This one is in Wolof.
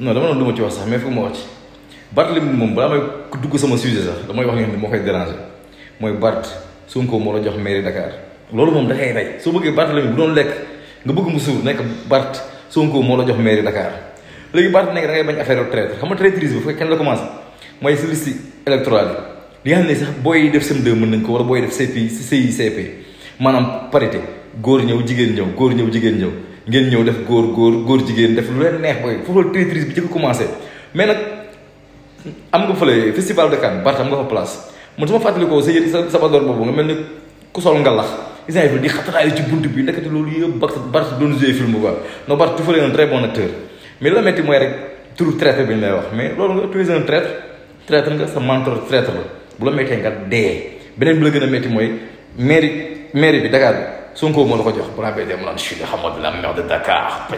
non dama doon du ma ci wax sax mais foog ma wax ci Bart li moom balaa may dugg sama sujet sax damay wax ne moo koy déranger mooy Bart Sonko moo la jox mairie Dakar loolu moom da kay rey soo bëggee Bart la bu lekk nga bëgg mu suur nekk Bart Sonko moo la jox mairie Dakar léegi Bart nekk da bañ affaire traître xam nga traîtrise bi fekk kenn la commencé mooy si liste électorale yi li nga xam ne sax booy def CM2 mën nañ ko wala booy def CP CI CP maanaam parité góor ñëw jigéen ñëw góor ñëw jigéen ñëw ngeen ñëw def góor góor góor jigéen def lu leen neex booy foofu la traîtrise bi jëkk commencé mais nag am nga fële festival de Cannes Barth am nga fa place man su ma fàttalikoo sa yéen sa sabadoor boobu nga mel ni ku sol ngalax isaan yi di xataraayu ci bunt bi ndekete loolu yëpp Barth Barth doon joué film quoi non Barth tu fais un très bon acteur mais la metti mooy rek turu traître bi ñu lay wax mais loolu nga tu es un traître traître nga sa mentor traître la beneen la gën a métti mooy mairie mairie bi Dakar bi Sonko mon la jox de je suis de la mer de Dakar